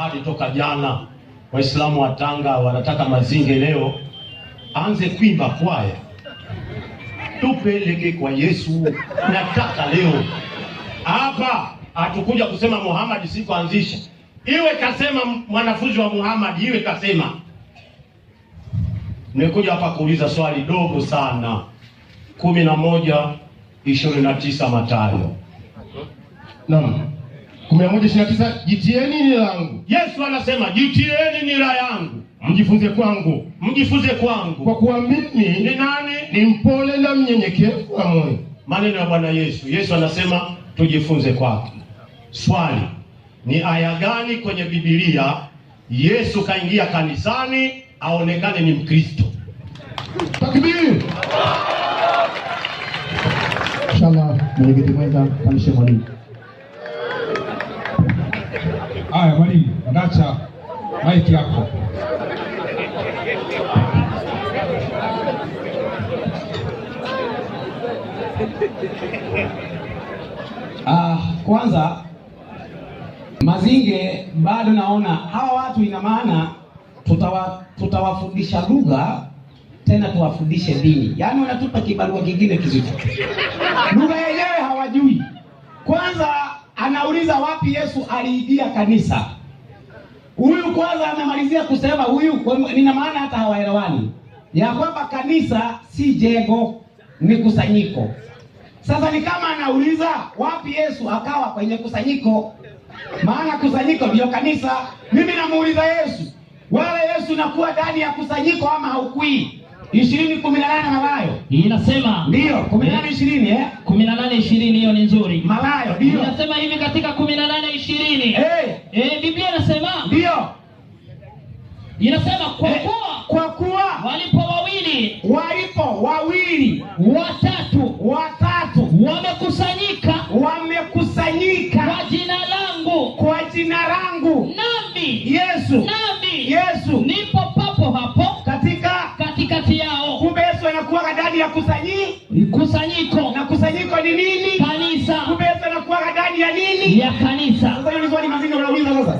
ahadi toka jana. Waislamu wa Tanga wanataka Mazinge leo aanze kuimba kwaya, tupeleke kwa Yesu. Nataka leo hapa hatukuja kusema Muhammad sikuanzisha, iwe kasema mwanafunzi wa Muhammad, iwe kasema. Nimekuja hapa kuuliza swali dogo sana, kumi na moja ishirini na tisa Mathayo. Naam. 11:29 jitieni nira yangu. Yesu anasema jitieni nira yangu, mjifunze kwangu, mjifunze kwangu, kwa kuwa mimi ni nani? Ni mpole na mnyenyekevu wa moyo. Maneno ya Bwana Yesu. Yesu anasema tujifunze kwake. Swali, ni aya gani kwenye Biblia Yesu kaingia kanisani aonekane ni Mkristo? Takbiri! Inshallah mwenyekiti mwenza, kanishe mwalimu Haya mwalimu, ndacha maiki yako. Ah, kwanza Mazinge bado naona hawa watu, ina maana tutawa, tutawafundisha lugha tena tuwafundishe dini, yaani wanatupa kibarua kingine kizito, lugha yenyewe hawajui kwanza anauliza wapi Yesu aliibia kanisa. Huyu kwanza anamalizia kusema huyu, nina maana hata hawaelewani ya kwamba kanisa si jengo, ni kusanyiko. Sasa ni kama anauliza wapi Yesu akawa kwenye kusanyiko, maana kusanyiko ndio kanisa. Mimi namuuliza Yesu, wale Yesu nakuwa ndani ya kusanyiko ama haukui? ishirini kumi na nane Malayo inasema ndio kumi na nane ishirini eh? kumi na nane ishirini hiyo ni nzuri. Malayo ndio inasema hivi katika kumi na nane ishirini hey. Eh. eh, Biblia inasema ndio inasema kwa hey. Eh, kuwa kwa kuwa walipo wawili walipo wawili watatu watatu wamekusanyika inakuwa ndani ya kusanyi kusanyiko. Na kusanyiko ni nini? Kanisa. Kubeza inakuwa ndani ya nini? Ya kanisa. Sasa hiyo ni swali mazito unauliza sasa.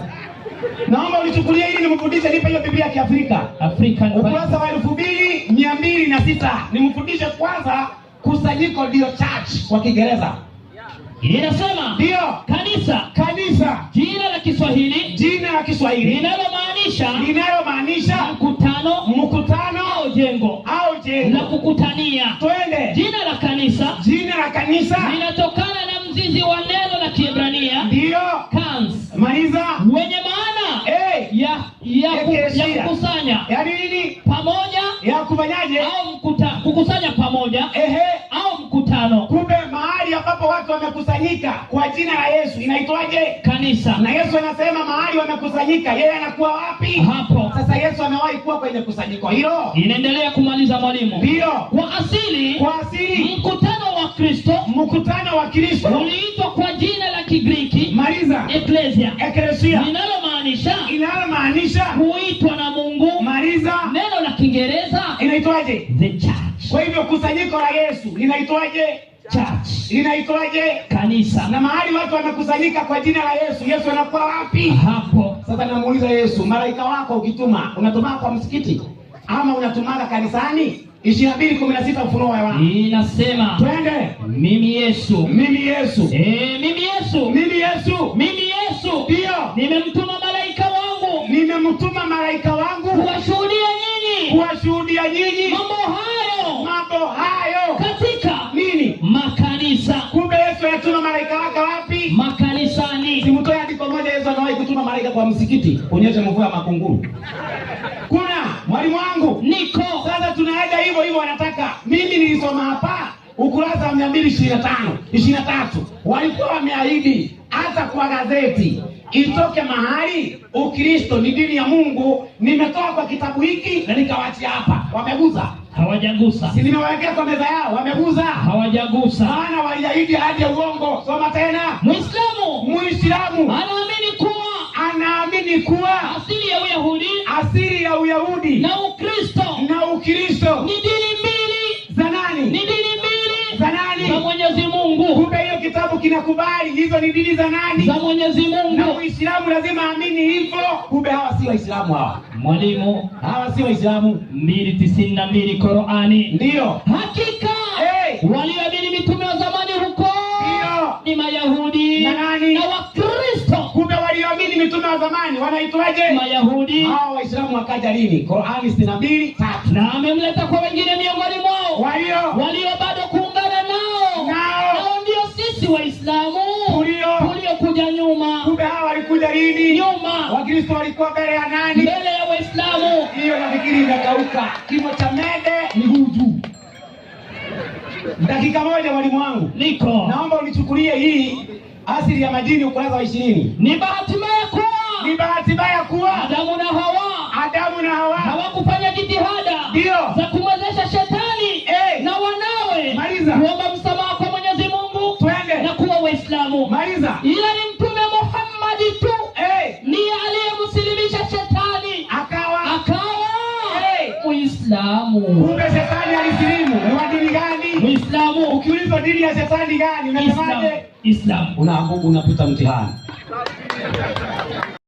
Naomba ulichukulia hili nimfundishe, nipe hiyo Biblia ya Kiafrika. Afrika ukurasa wa elfu mbili mia mbili na sita nimfundishe kwanza, kusanyiko ndio church kwa Kiingereza. Inasema ndio kanisa, kanisa jina la Kiswahili, jina la Kiswahili linalomaanisha linalo kanisa linatokana na mzizi wa neno la Kiebrania ndio kans, maliza, wenye maana hey, ya ya, ya nini, pamoja ya kufanyaje, au mkuta, kukusanya pamoja ehe, au mkutano. Kumbe mahali ambapo watu wamekusanyika kwa jina la Yesu inaitwaje? Kanisa. Na Yesu anasema mahali wamekusanyika, yeye anakuwa wapi? Hapo. Sasa Yesu amewahi kuwa kwenye kusanyiko hilo. Inaendelea kumaliza mwalimu. Ndio. Kwa asili, kwa asili mkutano wa Kristo, mkutano wa Kristo uliitwa kwa jina la Kigiriki maliza, eklesia, eklesia, linalomaanisha linalomaanisha kuitwa na Mungu maliza. Neno la Kiingereza inaitwaje? The church. Kwa hivyo kusanyiko la Yesu linaitwaje? Church. Inaitwaje? Kanisa. Na mahali watu wanakusanyika kwa jina la Yesu, Yesu anakuwa wapi? Hapo. Sasa namuuliza Yesu, malaika wako ukituma, unatumaka kwa msikiti ama unatumaa kanisani? ishirini kumi na sita Ufunuo wa inasema twende. Mimi Yesu, mimi Yesu, eh, mimi Yesu, mimi Yesu, mimi Yesu ndio nimemtuma malaika wangu, nimemtuma malaika wangu kuwashuhudia nyinyi, kuwashuhudia nyinyi mambo hayo, mambo hayo katika nini? Makanisa. Kumbe Yesu anatuma malaika wake wapi? Makanisani. Simtoe andiko moja Yesu anawahi kutuma malaika kwa msikiti kunyesha mvua ya makunguru. Kuna mwalimu wangu niko hivyo hivyo wanataka. Mimi nilisoma hapa ukurasa wa mia mbili ishirini na tano ishirini na tatu walikuwa wameahidi hata kwa gazeti itoke mahali Ukristo ni dini ya Mungu. Nimetoa kwa kitabu hiki na nikawaachia hapa, wameguza hawajagusa, si nimewawekea kwa meza yao, wameguza hawajagusa, maana waliahidi hadi uongo. Soma tena, Muislamu Muislamu anaamini kuwa anaamini kuwa asili ya Uyahudi asili ya Uyahudi na kinakubali hizo ni dini za nani? Za Mwenyezi Mungu. Na Uislamu lazima aamini hivyo. Kumbe hawa si Waislamu hawa. Mwalimu, hawa si Waislamu. 292 Qur'ani. Ndio. Hakika. Hey. Walioamini mitume wa zamani huko. Ndio. Ni Mayahudi. Na nani? Na Wakristo. Kumbe walioamini mitume wa zamani wanaitwaje? Mayahudi. Hawa Waislamu wakaja lini? Qur'ani 62 tatu. Na amemleta kwa wengine miongoni mwao. Walio. Walio Waislamu tuliokuja nyuma. Kumbe hawa walikuja lini? Nyuma. Wakristo walikuwa mbele ya nani? Mbele ya Waislamu. Hiyo nafikiri inakauka. Kimo cha mede miguu juu. Dakika moja, mwalimu wangu, niko naomba unichukulie hii asili ya majini, ukurasa wa ishirini. Ni bahati mbaya kuwa, ni bahati mbaya kuwa Adamu na Hawa, Adamu na Hawa hawakufanya jitihada ndio Muislamu. Kumbe shetani alisilimu. Ni wa dini gani? Muislamu. Ukiulizwa dini ya shetani gani, unasemaje? Islam. Islam. Unaanguka unapita mtihani.